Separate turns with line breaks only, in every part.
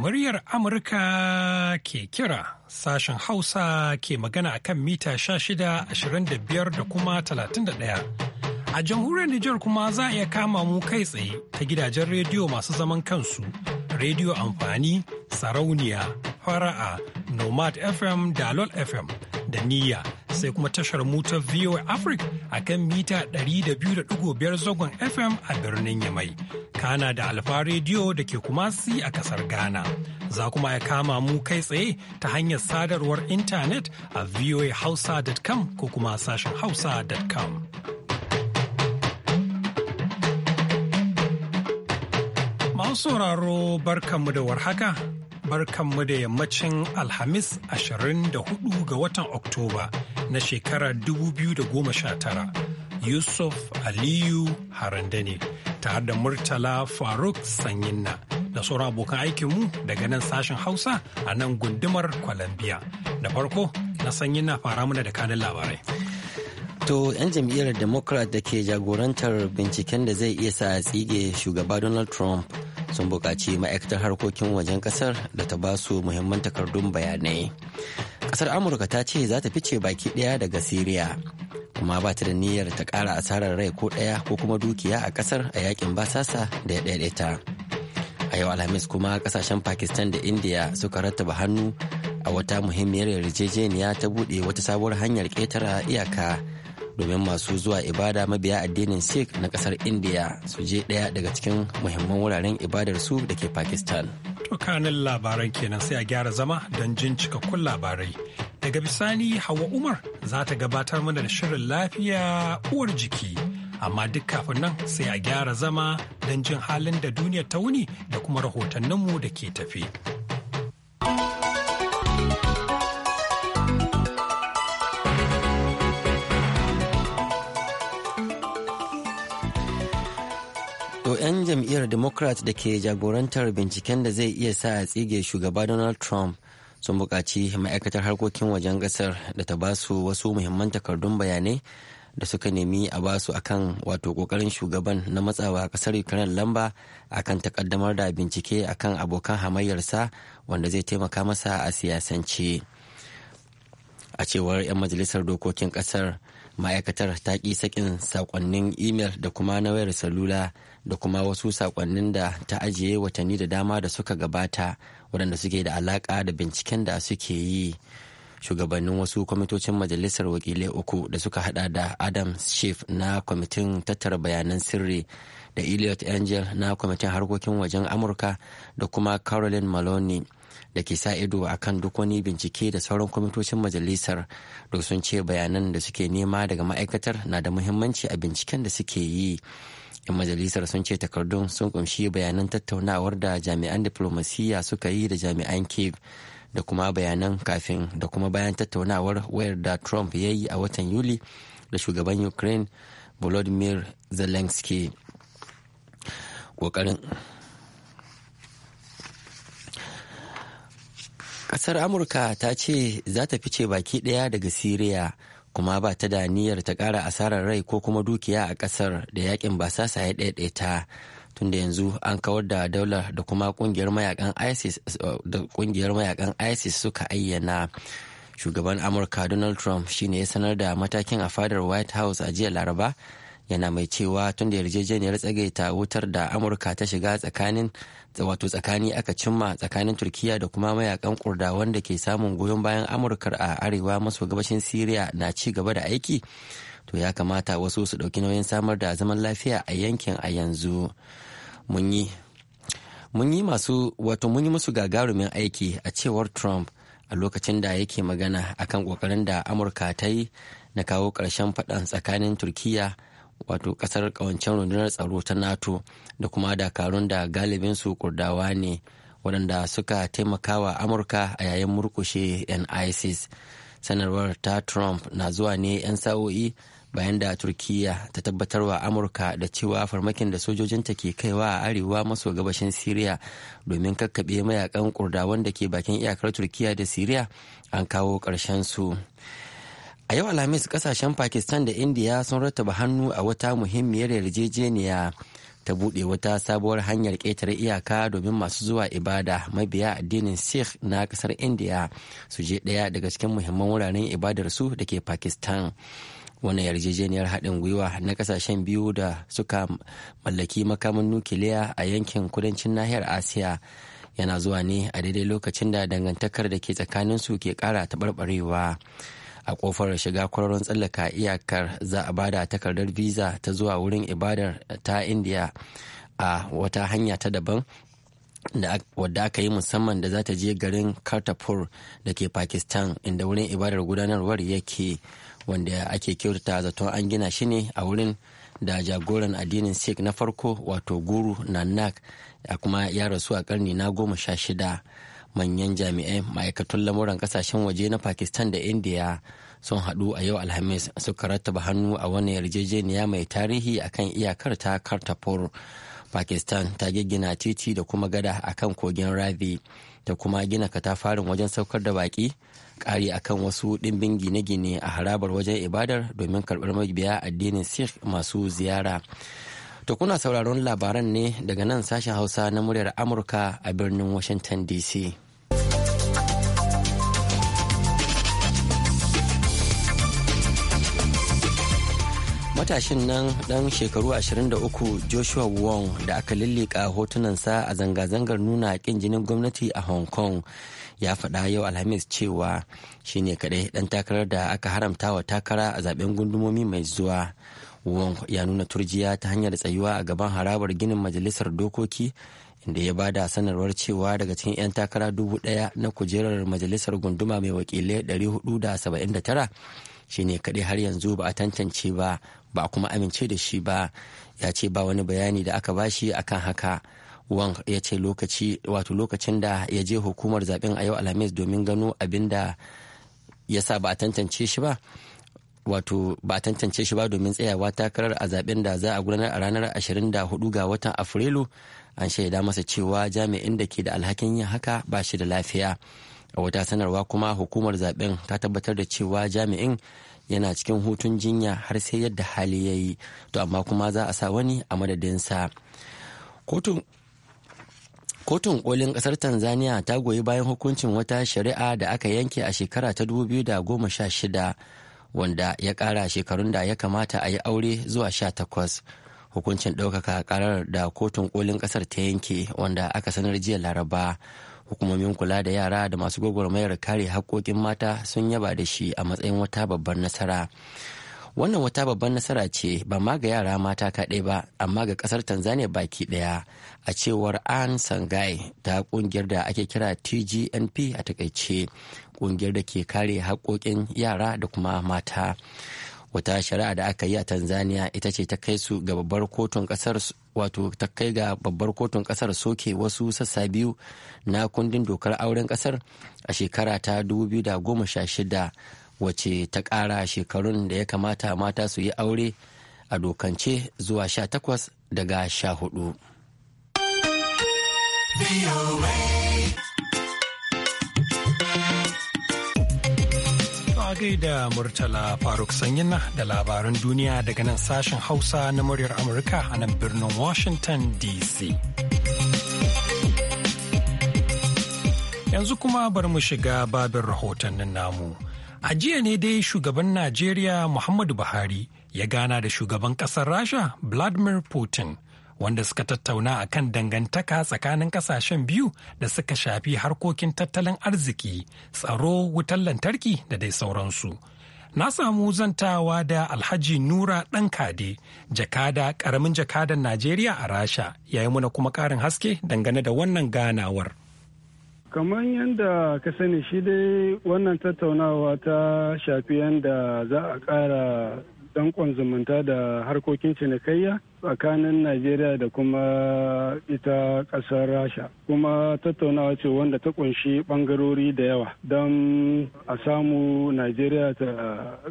Muryar Amurka ke kira sashen Hausa ke magana akan mita shida, ashirin da kuma talatin da 31. A jamhuriyar Nijar kuma za a iya kama mu kai tsaye ta gidajen rediyo masu zaman kansu, rediyo amfani, sarauniya, fara'a, nomad FM da lol FM da niyya sai kuma tashar motar VOA Africa a kan mita 200.5 zagon FM a birnin Yamai. Kana da Alfa Rediyo da ke kumasi a kasar Ghana. Za kuma ya kama mu kai tsaye ta hanyar sadarwar intanet a voahausa.com ko kuma sashen hausa.com. Masu sauraro barkanmu da warhaka. Barkanmu da yammacin Alhamis 24 ga watan Oktoba na shekara 2019 yusuf aliyu harandani tare da murtala faruk sanyinna da sauran abokan aikinmu daga nan sashen hausa a nan gundumar colombia da farko na sanyinna fara mana da kanin labarai
To 'yan jam'iyyar Democrat da ke jagorantar binciken da zai iya sa a tsige shugaba Donald Trump sun buƙaci ma'aikatar harkokin wajen ƙasar da ta basu muhimman takardun bayanai. kasar amurka ta ce za ta fice baki daya daga siriya kuma ba ta da niyyar ta kara asarar rai ko daya ko kuma dukiya a kasar a yakin basasa da ya daidaita a yau alhamis kuma kasashen pakistan da india suka rattaba hannu a wata muhimmiyar yarjejeniya ta bude wata sabuwar hanyar ƙetara iyaka domin masu zuwa ibada mabiya addinin sikh na kasar india su je daya daga cikin muhimman wuraren ibadar su da ke pakistan
To kanin labaran kenan sai a gyara zama don jin cikakkun labarai. Daga bisani Hauwa Umar za ta gabatar mana da shirin lafiya uwar jiki. Amma duk kafin nan sai a gyara zama don jin halin da duniya ta wuni da kuma rahotanninmu da ke tafi.
jam'iyyar democrat da ke jagorantar binciken da zai iya sa a tsige shugaba donald trump sun buƙaci ma'aikatar harkokin wajen ƙasar da ta basu wasu muhimman takardun bayanai da suka nemi a basu akan wato ƙoƙarin shugaban na matsawa ƙasar ukraine lamba akan takaddamar da bincike akan abokan hamayyarsa wanda zai taimaka masa a siyasance a cewar 'yan majalisar dokokin ƙasar ma'aikatar ta ƙi sakin sakonnin imel da kuma na wayar salula da kuma wasu sakonnin da ta ajiye watanni da dama da suka gabata waɗanda suke da alaƙa da binciken da suke yi shugabannin wasu kwamitocin majalisar wakilai uku da suka hada da adam schiff na kwamitin tattara bayanan sirri da elliot angel na kwamitin harkokin wajen amurka da kuma caroline maloney da ke sa ido a kan duk wani bincike da sauran kwamitocin majalisar da sun ce bayanan da suke nema daga ma'aikatar na da muhimmanci a binciken da suke yi yan majalisar sun ce takardun sun kunshi bayanan tattaunawar da jami'an diplomasiya suka yi da jami'an kiev da kuma bayanan kafin da kuma bayan tattaunawar wayar da trump ya yi a watan yuli da shugaban ukraine volodymyr zelensky Kasar Amurka ta ce za ta fice baki daya daga Siriya kuma ba ta da niyyar ta kara asarar rai ko kuma dukiya a kasar da yakin basasa ya ɗaiɗaita tunda yanzu an kawar da daular da kuma kungiyar mayakan ISIS suka ayyana. Shugaban Amurka Donald Trump shine ya sanar da matakin a fadar White House a jiya Laraba yana mai cewa tun da yarjejeniyar tsagaita wutar da amurka ta shiga tsakanin wato tsakani aka cimma tsakanin turkiya da kuma mayakan kurda wanda ke samun goyon bayan amurkar a arewa maso gabashin syria na ci gaba da aiki to ya kamata wasu su ɗauki nauyin samar da zaman lafiya a yankin a yanzu mun yi mun yi masu wato mun musu gagarumin aiki a cewar trump a lokacin da yake magana akan kokarin da amurka ta yi na kawo ƙarshen faɗan tsakanin turkiya wato kasar kawancen rundunar tsaro ta nato da kuma dakarun da galibin su kurdawa ne waɗanda suka taimaka wa amurka a yayin murkushe 'yan isis sanarwar ta trump na zuwa ne 'yan sa'o'i bayan da turkiya ta tabbatar wa amurka da cewa farmakin da sojojinta ke kaiwa a arewa maso gabashin siriya domin kakkaɓe mayakan kurdawan da ke bakin iyakar turkiya da siriya an kawo ƙarshen su. a yau alhamis kasashen pakistan da india sun rattaba hannu a wata muhimmiyar yarjejeniya ta buɗe wata sabuwar hanyar ƙetare iyaka domin masu zuwa ibada mabiya addinin sikh na ƙasar india su je ɗaya daga cikin muhimman wuraren ibadar su da ke pakistan wani yarjejeniyar haɗin gwiwa na ƙasashen biyu da suka mallaki makamin nukiliya a yankin kudancin nahiyar asiya yana zuwa ne a daidai lokacin da dangantakar da ke su ke ƙara taɓarɓarewa a kofar shiga kwararon tsallaka iyakar za a bada takardar visa ta zuwa wurin ibadar ta indiya a wata hanya ta daban wadda aka yi musamman da za ta je garin kartapur da ke pakistan inda wurin ibadar gudanarwar yake wanda ake kyautata zaton an gina shi ne a wurin da jagoran addinin sikh na farko wato guru nanak kuma ya rasu a karni na goma sha shida manyan jami'ai ma'aikatun lamuran kasashen waje na pakistan da india sun hadu a yau alhamis suka rattaba hannu a wani yarjejeniya mai tarihi akan iyakar ta kartapur pakistan ta giggina titi da kuma gada akan kogin ravi da kuma gina katafarin wajen saukar da baki kari akan wasu dimbin gine-gine a harabar wajen ibadar domin karbar mabiya addinin sikh masu ziyara To kuna sauraron labaran ne daga nan sashen Hausa na muryar Amurka a birnin Washington DC. Matashin nan ɗan shekaru 23 Joshua Wong da aka hotunan hotunansa a zanga-zangar nuna ƙin jinin gwamnati a Hong Kong ya faɗa yau Alhamis cewa shine kaɗai ɗan takarar da aka haramta wa takara a zaben gundumomi mai zuwa. Wong ya nuna turjiya ta hanyar tsayuwa a gaban harabar ginin majalisar dokoki inda ya bada sanarwar cewa daga cikin 'yan takara dubu ɗaya na kujerar majalisar gunduma mai wakilai 479 shine kaɗai har yanzu ba a tantance ba ba kuma amince da shi ba ya ce ba wani bayani da aka bashi akan haka wang ya ce wato lokacin da ya je hukumar zaben a yau alhamis domin gano abin da ya sa ba a tantance shi ba wato ba tantance shi ba domin tsayawa takarar a zaben da za a gudanar a ranar 24 ga watan afrilu an shaida masa cewa jami'in da ke da alhakin yin haka ba shi da lafiya a wata sanarwa kuma hukumar zaben ta tabbatar da cewa jami'in yana cikin hutun jinya har sai yadda hali ya yi to amma kuma za a sa wani a madadinsa kotun kotun kolin kasar tanzania ta goyi bayan hukuncin wata shari'a da aka yanke a shekara ta 2016 wanda ya ƙara shekarun da ya kamata a yi aure zuwa sha takwas hukuncin ɗaukaka karar da kotun kolin ƙasar ta yanke wanda aka sanar jiya laraba hukumomin kula da yara da masu gwagwarmayar kare haƙƙoƙin mata sun yaba da shi a matsayin wata babbar nasara wannan wata babban nasara ce ba ma ga yara mata kaɗai ba amma ga ƙasar tanzania baki ɗaya a cewar an sangai ta ƙungiyar da ake kira tgnp a takaice ƙungiyar da ke kare haƙoƙin yara da kuma mata wata shari'a da aka yi a tanzania ita ce ta kai su ga babbar kotun kasar wato ta kai ga babbar kotun kasar soke wasu sassa biyu na kundin dokar auren ƙasar, a shekara ta 2016 wace ta ƙara shekarun da ya kamata mata su yi aure a dokance zuwa sha takwas daga sha hudu.
da Murtala Faruk Sanyina da labaran duniya daga nan sashen Hausa na muryar Amurka a nan birnin Washington DC. Yanzu kuma bar mu shiga babin rahotannin namu. A jiya ne dai shugaban Najeriya Muhammadu Buhari ya gana da shugaban ƙasar Rasha Vladimir Putin. Wanda suka tattauna a kan dangantaka tsakanin ƙasashen biyu da suka shafi harkokin tattalin arziki, tsaro, wutar lantarki da dai sauransu. na samu zantawa da alhaji nura ɗan kade jakada ƙaramin jakadan najeriya a rasha yayi muna kuma ƙarin haske dangane da wannan ganawar
kamar yadda ka sani shi dai wannan tattaunawa ta shafi yadda za a ƙara dankon zumunta da harkokin cinikayya tsakanin najeriya da kuma ita ƙasar rasha kuma tattaunawa ce wanda ta kunshi ɓangarori da yawa don a samu najeriya ta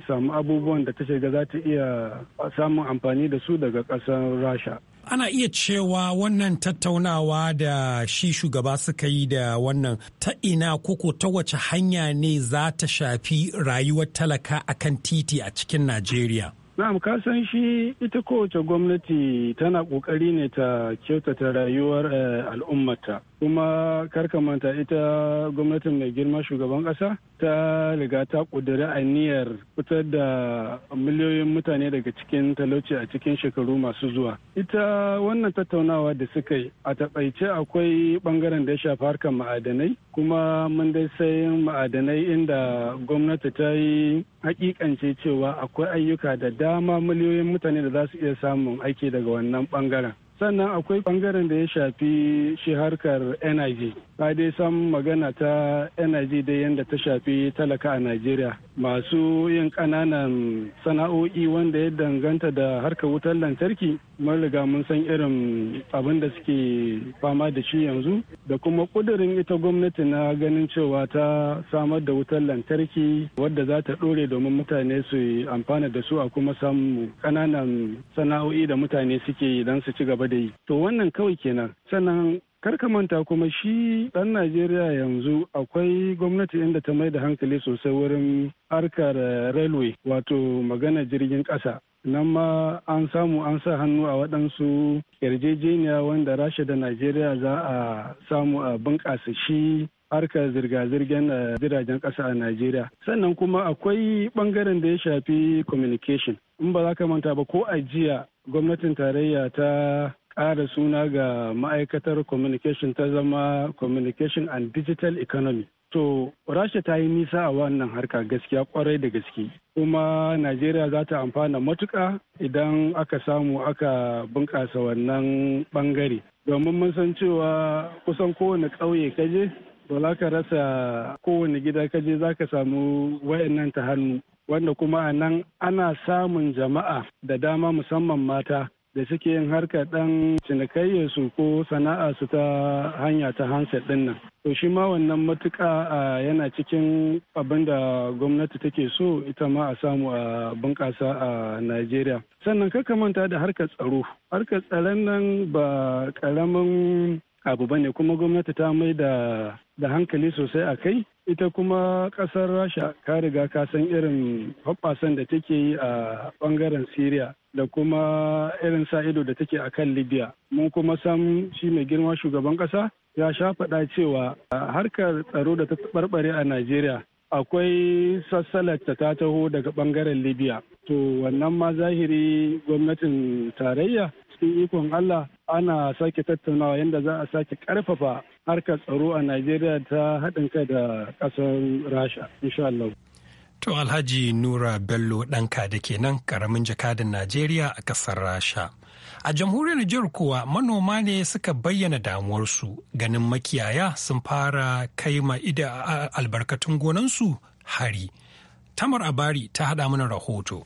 samu abubuwan da ta shiga za ta iya samun amfani da su daga ƙasar rasha
ana iya cewa wannan tattaunawa da shi shugaba suka yi da wannan ta ina koko ta wace hanya ne za ta shafi rayuwar talaka akan titi a cikin najeriya
Na'am ka san shi ita kowace gwamnati tana kokari ne ta kyautata rayuwar eh, al'ummata kuma manta ita gwamnatin mai girma shugaban kasa ta riga ta ƙudiri aniyar fitar da miliyoyin mutane daga cikin talauci a cikin shekaru masu zuwa. Ita wannan tattaunawa da suka yi a taɓaice akwai ɓangaren da ya shafi harkar ma'adanai kuma mun dai sai ma'adanai inda gwamnati ta yi hakikance cewa akwai ayyuka da dama miliyoyin mutane da za su iya samun aiki daga wannan ɓangaren. sannan akwai bangaren da ya shafi shi harkar energy ka dai san magana ta energy da yadda ta shafi talaka a najeriya masu yin kananan sana'o'i wanda ya danganta da harkar wutar lantarki mun riga mun san irin abin da suke fama da shi yanzu da kuma ƙudurin ita gwamnati na ganin cewa ta samar da wutar lantarki wadda za ta ɗore domin mutane su amfana da su a kuma samu kananan sana'o'i da mutane suke yi don su ci gaba da yi to wannan kawai kenan sannan kar ka manta kuma shi ɗan najeriya yanzu akwai gwamnati inda ta mai da hankali sosai wurin harkar railway wato magana jirgin ƙasa nan ma an samu an sa hannu a waɗansu yarjejeniya wanda rasha da najeriya za a samu a bunƙasa shi harkar zirga-zirgen eh, jiragen ƙasa a Najeriya. Sannan kuma akwai ɓangaren da ya shafi communication. In ba za ka manta ba ko a jiya gwamnatin tarayya ta ƙara suna ga ma'aikatar communication ta zama communication and digital economy. To, Rasha ta yi nisa a wannan harka gaskiya kwarai da gaske. Kuma Najeriya za ta amfana matuƙa idan aka samu aka bunƙasa wannan ɓangare. Domin mun san cewa kusan kowane ƙauye kaje, to za ka rasa kowane gida kaje za ka samu wayannan ta hannu. Wanda kuma a nan ana samun jama'a da dama musamman mata da suke yin harkar dan cinikayya su ko sana'a su ta hanya ta handset din nan to shi ma wannan matuka yana cikin abin da gwamnati take so ita ma a samu a bunƙasa a najeriya sannan kaka manta da harkar tsaro harkar tsaron nan ba ƙaramin abu bane kuma gwamnati ta mai da da hankali sosai a kai ita kuma kasar rasha ka riga ka san irin hoppasan da take yi a bangaren syria da kuma irin sa ido da take a kan libya mun kuma san shi mai girma shugaban ƙasa ya sha faɗa cewa harkar tsaro da ta barbare a najeriya akwai sassalar ta taho daga bangaren libya to wannan ma zahiri gwamnatin tarayya cikin ikon Allah ana sake tattaunawa yadda za a sake karfafa harkar tsaro a Najeriya ta haɗin kai da ƙasar Rasha, insha Allah.
To Alhaji Nura Bello ɗanka da ke nan ƙaramin jakadan Najeriya a ƙasar Rasha. A jamhuriyar Nijar kuwa manoma ne suka bayyana damuwarsu ganin makiyaya sun fara kai ma ida albarkatun gonansu hari. Tamar
Abari ta haɗa mana rahoto.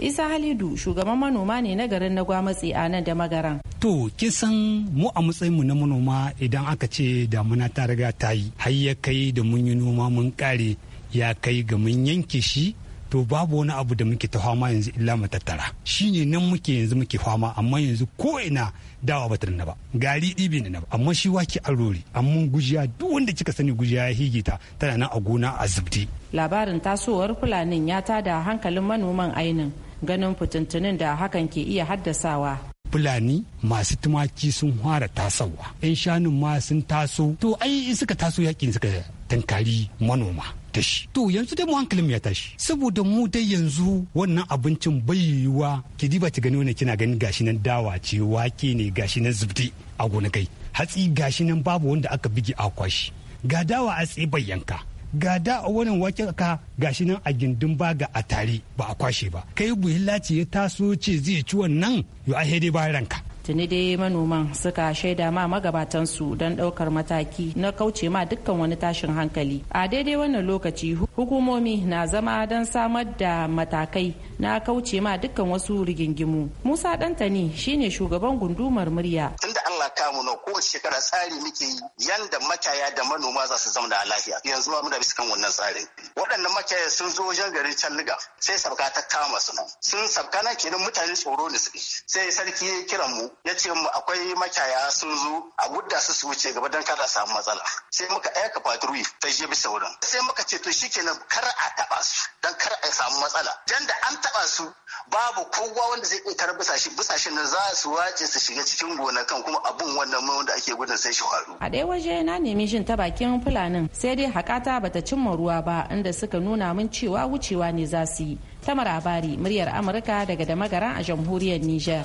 isa halidu shugaban manoma ne na garin na gwamatsi a nan da magaran
to kin san mu a matsayin mu na manoma idan aka ce damuna ta riga ta yi har ya kai da mun yi noma mun kare ya kai ga mun yanke shi to babu wani abu da muke ta fama yanzu illa mu tattara shine nan muke yanzu muke fama amma yanzu ko ina dawa ba na ba gari ɗibi na ba amma shi wake arori amma gujiya duk wanda kika sani gujiya ya ta tana nan a gona a zubdi
labarin tasowar fulanin ya tada hankalin manoman ainin ganin fitintunin da hakan ke iya haddasawa
fulani masu tumaki sun fara tasowa yan shanun ma sun taso to ai suka taso yakin suka tankari manoma da to yanzu dai mu hankalin ya tashi saboda mu dai yanzu wannan abincin bai yiwuwa ki diba ta gani wani kina gani gashi nan dawa ce wake ne gashi nan zubde a gonakai hatsi gashi nan babu wanda aka bige a kwashi ga dawa a tsaye yanka ga da wani wakil ka shi nan a gindin baga a tare ba a kwashe ba kai buhillaci ya taso ce zai ci wannan yo a dai ba ranka
tuni dai manoman suka shaida ma su don ɗaukar mataki na kauce ma dukkan wani tashin hankali a daidai wannan lokaci hukumomi na zama don samar da matakai na kauce ma dukkan wasu rigingimu musa ɗantani shine shugaban gundumar murya
tunda allah kamu na kowace shekara tsari muke yi yanda makaya da manoma za su zauna a lafiya yanzu ma muna bisa kan wannan tsarin waɗannan makiyaya sun zo wajen garin liga sai sabka ta kama su sun sabka nan kenan mutane tsoro ne suke sai sarki ya kiran mu ya ce mu akwai makiyaya sun zo a gudda su su wuce gaba don kada samu matsala sai muka aika patrui ta je bisa wurin sai muka ce to shikenan kar a taba su
don kar a samu
matsala dan da an taba su babu kowa wanda zai iya tarar bisashe bisashen nan za su wace su shiga cikin gonakan kuma abun wannan mai wanda ake gudun sai shi faru
a ɗaya waje na nemi jin ta bakin fulanin sai dai hakata bata cimma ruwa ba inda suka nuna min cewa wucewa ne za su yi tamar abari muryar amurka daga da a jamhuriyar niger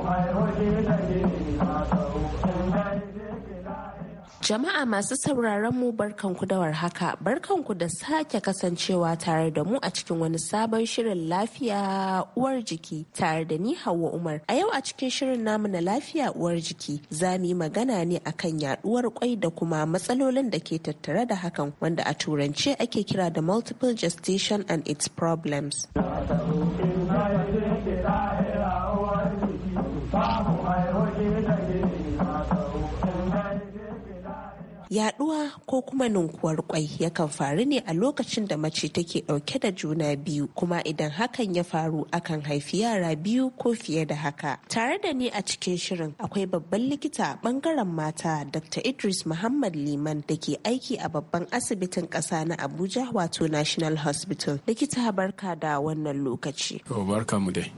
Jama'a masu sauraron mu barkanku da warhaka, barkanku da sake kasancewa tare da mu a cikin wani sabon shirin lafiya uwar jiki tare da ni Hauwa Umar. A yau a cikin shirin namu na lafiya uwar jiki za mu yi magana ne akan yaduwar kwai da kuma matsalolin da ke tattare da hakan wanda a turance ake kira da multiple gestation and its problems. Ba mu yaduwa ko kuma ninkuwar kwai yakan faru ne a lokacin da mace take dauke da juna biyu kuma idan hakan ya faru akan haifi yara biyu ko fiye da haka tare da ni a cikin shirin akwai babban likita bangaren mata dr idris muhammad liman da ke aiki a babban asibitin kasa na abuja wato national hospital likita barka da wannan
lokaci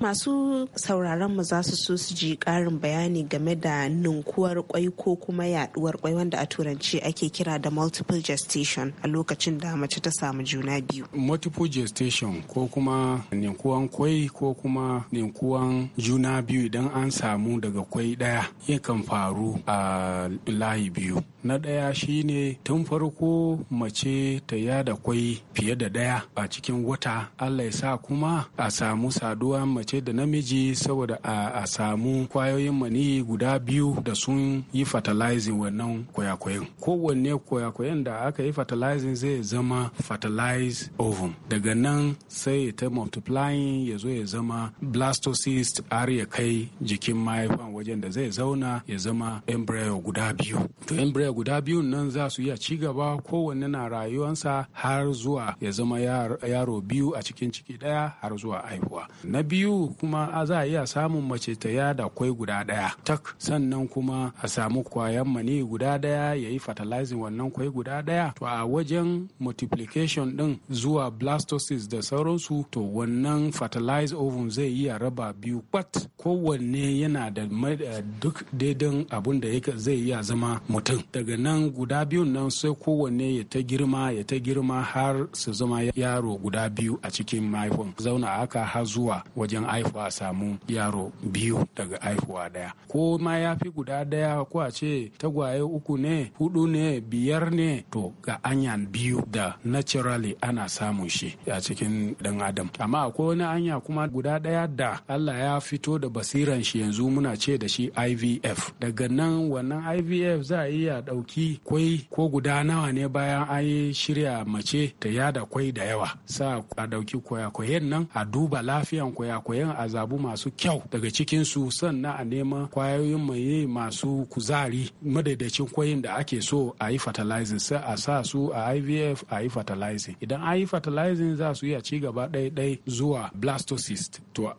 masu sauraron mu za su so su ji karin bayani game da ninkuwar kwai ko kuma yaduwar kwai wanda a turanci ake kira
da multiple gestation a lokacin da mace ta samu juna biyu. Multiple gestation ko kuma ninkuwan kwai ko kuma ninkuwan juna biyu idan an samu daga kwai ɗaya yakan faru a layi biyu. Na ɗaya shine tun farko mace ta yada kwai fiye da ɗaya a cikin wata Allah ya sa kuma a samu saduwa mace da namiji saboda a samu kwayoyin maniyi guda biyu da sun yi fertilizing wannan kwayakwayin. Ko kowanne koya-koyan da aka yi fertilizing zai zama fertilized ovum daga nan sai ta multiplying ya zo ya zama blastocyst har ya kai jikin mahaifan wajen da zai zauna ya zama embryo guda biyu to embryo guda biyun nan za su iya ci gaba kowanne na rayuwansa har zuwa ya zama yaro biyu a cikin ciki daya har zuwa haihuwa na biyu kuma a za a iya samun mace ta yada kwai guda daya tak sannan kuma a samu kwayan mani guda daya ya yi fata. fertilizing wannan kwai guda ɗaya to a wajen multiplication ɗin zuwa blastocysts da sauransu to wannan fertilized ovum zai iya raba biyu kwat kowanne yana da eh, duk daidan abun da zai iya zama mutum daga nan guda biyun nan sai kowanne ya ta girma ya ta girma har su zama yaro guda biyu a cikin mahaifin zauna haka har zuwa wajen haihuwa samu yaro biyu daga haihuwa daya ko ma ya fi guda daya ko a ce tagwaye uku ne hudu ne biyar ne to ga anyan biyu da naturally ana samun shi a cikin dan adam amma akwai wani anya kuma guda daya da Allah ya fito da basiran shi yanzu muna ce da shi IVF daga nan wannan IVF za a iya dauki kwai ko guda nawa ne bayan an yi shirya mace ta yada kwai da yawa sa a dauki kwayakwayen nan a duba lafiyan kwayakwayen a zabu masu kyau daga cikin su sannan a neman kwayoyin maye masu kuzari madaidacin kwayin da ake so so a yi fertilizing sai a sa su a ivf a yi fertilizing idan a yi fertilizing za su iya ci gaba ɗaya zuwa blastocyst to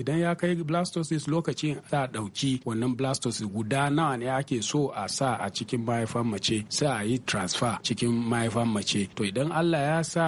idan ya kai blastocyst lokacin za a ɗauki wannan blastocyst guda nawa ne ake so a sa a cikin mahaifan mace sai a yi transfer cikin mahaifan mace to idan allah ya sa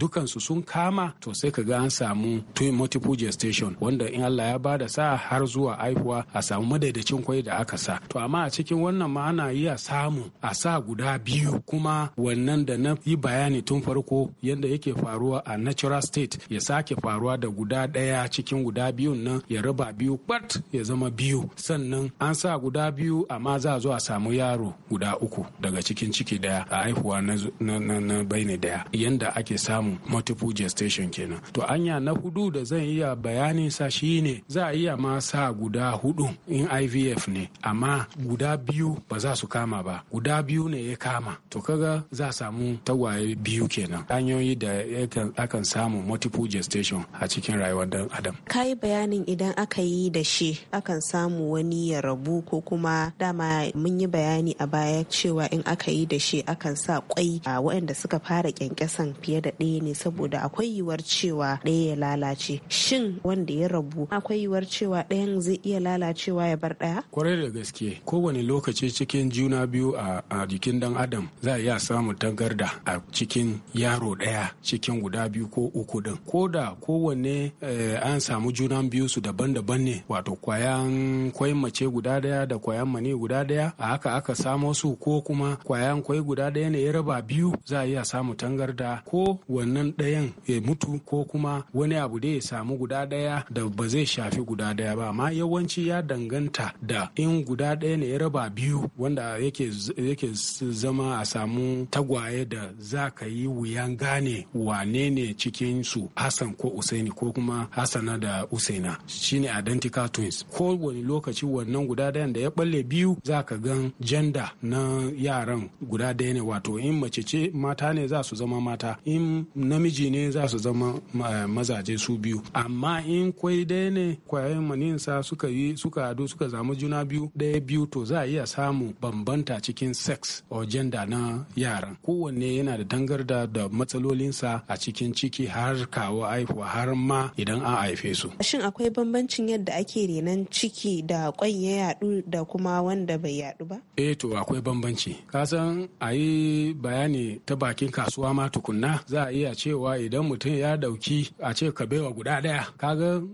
dukansu sun kama to sai ka ga an samu multiple gestation wanda in allah ya ba da sa har zuwa haihuwa a samu madaidacin kwai da aka sa to amma a cikin wannan ma ana iya samu a a sa guda biyu kuma wannan da na yi bayani tun farko yadda yake faruwa a natural state ya sake faruwa da guda ɗaya cikin guda biyun nan ya raba biyu bat ya zama biyu sannan an sa guda biyu amma za a zo a samu yaro guda uku daga cikin ciki daya a haihuwa na baine daya yanda ake samun multiple gestation kenan to anya na hudu da zan iya bayanin sa shine za a iya ma sa guda hudu in IVF ne amma guda biyu ba za su kama ba guda biyu ne ya kama to kaga za a samu tagwaye biyu kenan hanyoyi da akan samu multiple gestation a cikin rayuwar dan adam
yi bayanin idan aka yi da shi akan samu wani ya rabu ko kuma dama mun yi bayani a baya cewa in aka yi da shi akan sa kwai a waɗanda suka fara kyankyasan fiye da ɗaya ne saboda akwai yiwuwar cewa ɗaya ya lalace shin wanda ya rabu akwai yiwuwar cewa ɗayan zai iya lalacewa ya
bar ɗaya kwarai da gaske kowane lokaci cikin juna biyu a a jikin dan adam za a iya samun tangarda a cikin yaro ɗaya cikin guda biyu ko uku din ko da kowanne eh, an samu junan biyu su daban-daban ne wato kwayan kwai mace guda ɗaya da kwayan mani guda ɗaya a haka aka samo su ko kuma kwayan kwai guda ɗaya ne ya raba biyu za a iya samun tangarda ko wannan ɗayan ya mutu ko kuma wani abu da ya samu guda ɗaya da ba zai shafi guda ɗaya ba amma yawanci ya danganta da in guda ɗaya ne ya raba biyu wanda yake yake zama a samu tagwaye da za ka yi wuyan gane wane ne cikin su Hassan ko Usaini ko kuma Hassana da Usaina shine identical twins ko wani lokaci wannan guda daya da ya balle biyu za ka gan janda na yaran guda daya ne wato in mace ce mata ne za su zama mata in namiji ne za su zama mazaje su biyu amma in kwai daya ne kwayoyin maninsa suka yi suka hadu suka zamu juna biyu daya biyu to za a iya samu bambanta cikin sex or gender na yaran kowanne yana da dangarda da matsalolinsa a cikin ciki har kawo haihuwa har ma idan an haife su
shin akwai bambancin yadda ake renan ciki da kwan ya yadu da kuma wanda bai yadu ba
eh to akwai bambanci kasan a yi bayani ta bakin kasuwa ma tukunna za a iya cewa idan mutum ya dauki a ce ka baiwa guda daya ga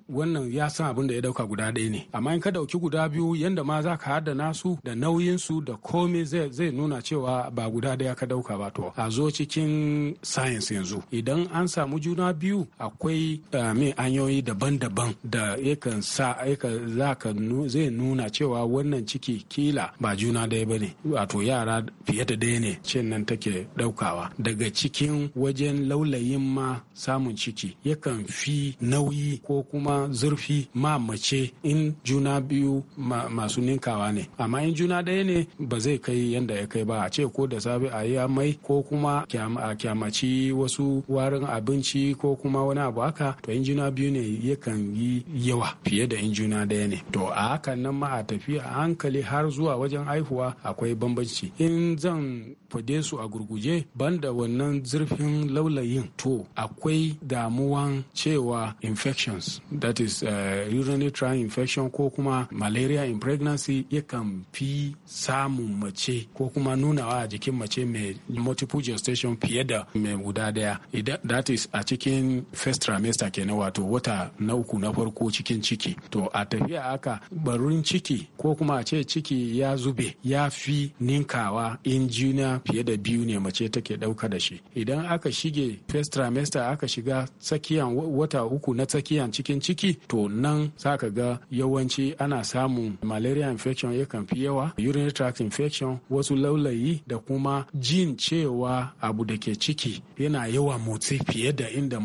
wannan ya san abin da ya dauka guda daya ne amma in ka dauki guda biyu yanda ma za ka haddana su da nauyin su da komai zai zai nuna cewa ba guda daya ka dauka ba to a zo cikin science yanzu idan an samu juna biyu akwai eh, mai hanyoyi daban-daban da yakan sa za ka zai nuna cewa wannan ciki kila ba juna daya ba ne wato yara fiye da daya ne cin nan take daukawa daga cikin wajen laulayin ma samun ciki yakan fi nauyi ko kuma zurfi ma mace in juna biyu masu ninkawa ne amma in juna daya ne ba zai kai yanda ya kai ba a ce ko da safe a yi amai ko kuma a kyamaci wasu warin abinci ko kuma wani abu haka to juna biyu ne yakan yi yawa fiye da juna daya ne to a hakan nan ma a tafiya a hankali har zuwa wajen haihuwa akwai bambanci in zan fade su a gurguje banda wannan zurfin laulayin to akwai damuwan cewa infections that is eh, urinary tract infection ko kuma malaria in pregnancy yakan fi samun mace ko kuma nunawa a jikin mace mai multiple gestation fiye da mai guda daya that is a cikin first trimester kenan wato wata na uku na farko cikin ciki to a tafiya haka barin ciki ko kuma a ce ciki ya zube ya fi ninkawa in juna fiye da biyu ne mace take dauka da shi idan aka shige first trimester aka shiga tsakiyan wata uku na tsakiyan cikin ciki to nan saka ka ga yawanci ana samun malaria infection yakan fi yawa urinary tract infection wasu laulayi da kuma jin cewa abu da ke ciki yana yawa motsi fiye da inda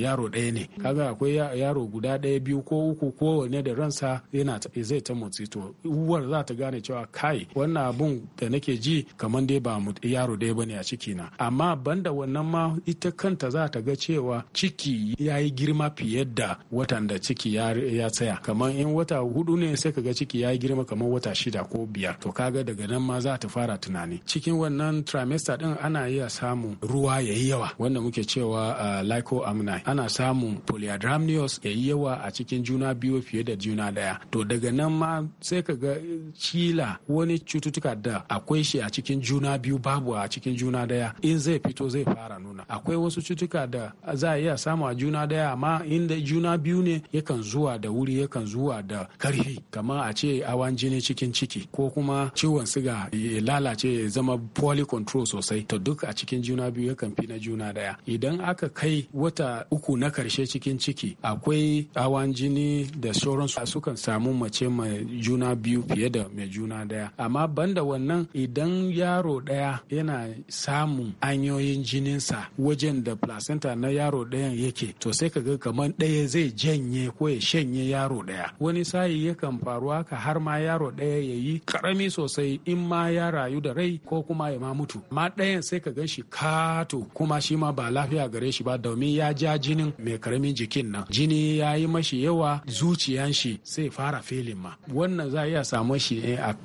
yaro ɗaya ne kaga akwai yaro guda ɗaya biyu ko uku ko wane da ransa yana zai ta motsi to uwar za ta gane cewa kai wannan abun da nake ji kamar dai ba yaro ɗaya bane a ciki na amma banda wannan ma ita kanta za ta ga cewa ciki ya yi girma fiye da watan da ciki ya tsaya kamar in wata hudu ne sai ka ga ciki ya yi girma kamar wata shida ko biyar to kaga daga nan ma za ta fara tunani cikin wannan trimester din ana iya samun ruwa ya yi yawa wanda muke cewa uh, ah, lycoamni ana samun polyadramnios ya yi yawa a cikin juna biyu fiye da juna daya to daga nan ma sai ka ga kila wani cututtuka da akwai shi a cikin juna biyu babu a cikin juna daya in zai fito zai fara nuna akwai wasu cututtuka da za a iya samu a juna daya amma inda juna biyu ne yakan zuwa da wuri yakan zuwa da karfi kamar a ce awan jini cikin ciki ko kuma ciwon siga ya lalace ya zama poorly control sosai to duk a cikin juna biyu yakan fi na juna daya idan aka kai wata uku na karshe cikin ciki akwai hawan jini da sauransu sukan samu mace mai juna biyu fiye da mai juna daya amma banda wannan idan yaro daya yana samun hanyoyin jininsa wajen da placenta na yaro dayan yake to sai ga kamar daya zai janye ko ya shanye yaro daya wani sayi yakan faru haka har ma yaro daya ya yi karami sosai in ma ma ya rayu da rai ko kuma ya ma mutu ma ɗayan sai ka gan shi kato kuma shi ma ba lafiya gare shi ba domin ya ja jinin mai karamin jikin nan jini ya yi mashi yawa zuciyan shi sai fara filin ma wannan za a iya samu shi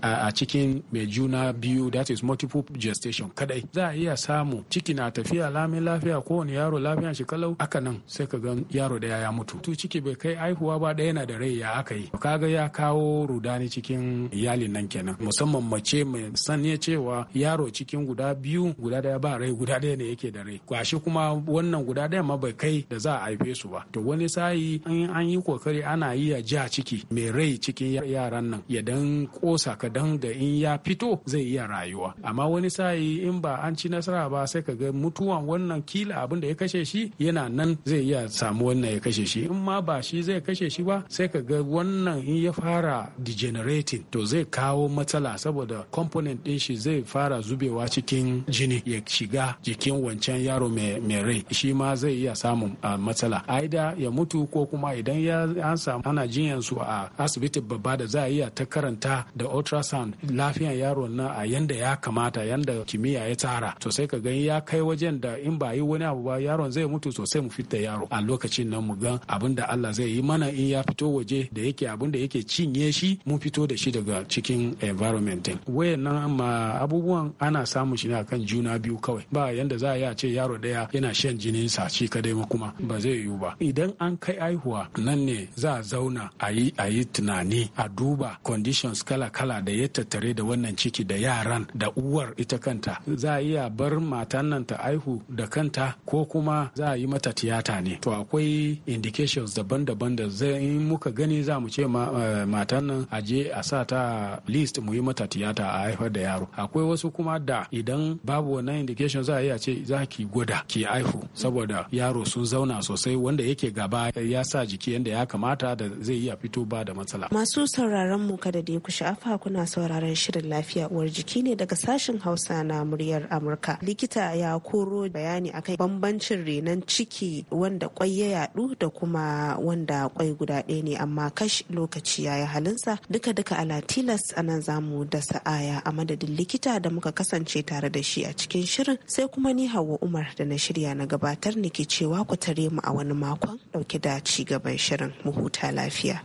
a cikin mai juna biyu that is multiple gestation kadai za a iya samu ciki na tafiya lamin lafiya kowane yaro lafiyan shi kalau aka nan sai ka gan yaro da ya mutu to ciki bai kai aihuwa ba ɗaya na da rai ya aka yi kaga ya kawo rudani cikin iyalin nan kenan musamman mace mai mai sanye cewa yaro cikin guda biyu guda daya ba rai guda daya ne yake da rai gashi kuma wannan guda daya ma bai kai da za a haife su ba to wani sayi an yi kokari ana yi ja ciki mai rai cikin yaran nan ya dan kosa kadan da in ya fito zai iya rayuwa amma wani sayi in ba an ci nasara ba sai ka ga mutuwan wannan kila abin da ya kashe shi yana nan zai iya samu wannan ya kashe shi in ma ba shi zai kashe shi ba sai ka ga wannan in ya fara degenerating to zai kawo matsala saboda component din shi zai fara zubewa cikin jini ya shiga jikin wancan yaro mai rai shi ma zai iya samun ah, matsala aida ya mutu ko kuma idan ya an samu ana jinyan su a asibiti babba da za a iya ta karanta da ultrasound lafiyan yaro na a yanda ya kamata yanda kimiyya ya tsara to sai ka gani ya kai wajen da in ba yi wani abu ba yaron zai mutu sosai mu fita yaro a lokacin nan mu gan abin da Allah zai yi mana in ya fito waje da yake abin da yake cinye shi mu fito da shi daga cikin environment din waɗannan abubuwan ana samun shi ne kan juna biyu kawai ba yanda za a yi a ce yaro ɗaya yana shan jinin sa shi kadai ma kuma ba zai yiwu ba idan an kai aihuwa nan ne za a zauna a yi a yi tunani a duba conditions kala kala da ya tattare da wannan ciki da yaran da uwar ita kanta za a iya bar matan nan ta aihu da kanta ko kuma za a yi mata tiyata ne to akwai indications daban-daban da zai muka gani za mu ce eh, matan nan a je a sa ta list mu yi mata tiyata a. haifar da yaro akwai wasu kuma da idan babu wannan indication za a iya ce za ki gwada ki haihu saboda yaro sun zauna sosai wanda yake gaba ya sa jiki yadda ya kamata da zai iya fito ba da matsala masu
sauraron mu kada da ku sha'afa kuna sauraron shirin lafiya uwar jiki ne daga sashin hausa na muryar amurka likita ya koro bayani akan bambancin renon ciki wanda kwai ya yadu da kuma wanda kwai guda ɗaya ne amma kash lokaci ya yi halinsa duka duka ala tilas anan zamu dasa aya. a madadin likita da muka kasance tare da shi a cikin shirin sai kuma ni hawa umar da na shirya na gabatar ne ke cewa ku tare mu a wani makon dauke da ci gaban shirin mu huta lafiya.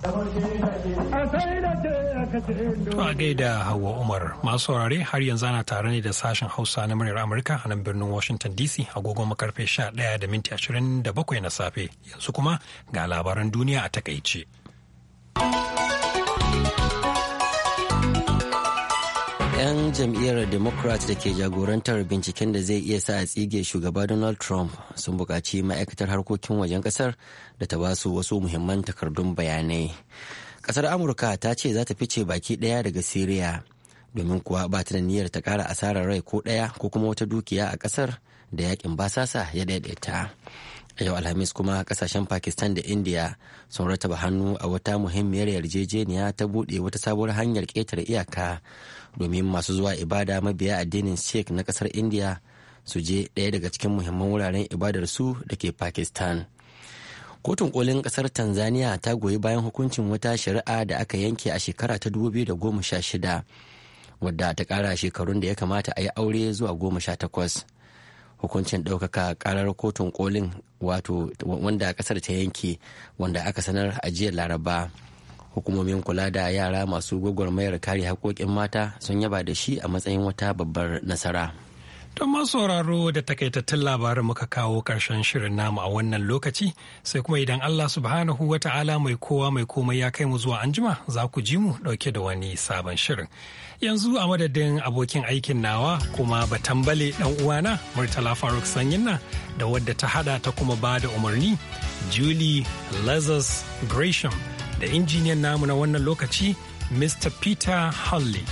a
gaida Hauwa Umar masu saurare har yanzu ana tare ne da sashen Hausa na muryar Amurka a nan birnin Washington DC agogon makarfe 11 da minti 27 na safe yanzu kuma ga labaran duniya a takaice.
'yan jam'iyyar democrat da ke jagorantar binciken da zai iya sa a tsige shugaba donald trump sun buƙaci ma'aikatar harkokin wajen ƙasar da ta basu wasu muhimman takardun bayanai ƙasar amurka ta ce za ta fice baki ɗaya daga syria domin kuwa ba ta da niyyar ta kara asarar rai ko ɗaya ko kuma wata dukiya a ƙasar da yakin basasa ya daidaita a yau alhamis kuma kasashen pakistan da india sun rataba hannu a wata muhimmiyar yarjejeniya ta buɗe wata sabuwar hanyar ƙetare iyaka domin masu zuwa ibada mabiya addinin sikh na kasar india su je ɗaya daga cikin muhimman wuraren ibadar su da ke pakistan kotun kolin kasar tanzania ta goyi bayan hukuncin wata shari'a da aka yanke a shekara ta 2016 wadda ta kara shekarun da ya kamata a yi aure zuwa 18 hukuncin ɗaukaka karar kotun kolin wato wanda kasar ta yanke wanda aka sanar a jiya laraba hukumomin kula da yara masu gwagwarmayar kare haƙoƙin mata sun yaba da shi a matsayin wata babbar nasara
don masu sauraro da takaitattun labarin muka kawo ƙarshen shirin namu a wannan lokaci sai kuma idan allah subhanahu wa ta'ala mai kowa mai komai ya kai mu zuwa anjima za ku ji mu ɗauke da wani sabon shirin yanzu a madadin abokin aikin nawa kuma ba tambale dan uwana murtala faruk na da wadda ta hada ta kuma ba da umarni julie lazarus gresham da injiniyan namu na wannan lokaci Mr. Peter Hawley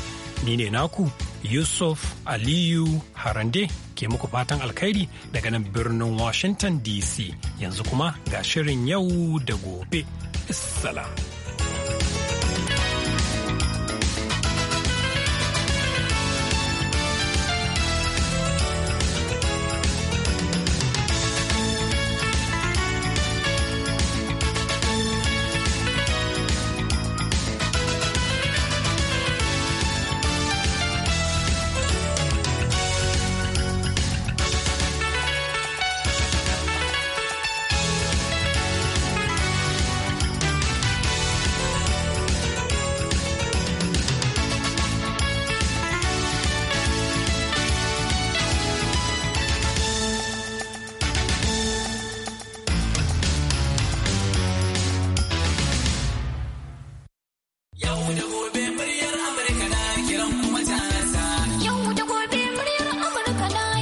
Ni ne naku Yusuf Aliyu Harande ke muku fatan alkhairi daga nan birnin Washington DC. Yanzu kuma ga shirin yau da gobe. Assalamu.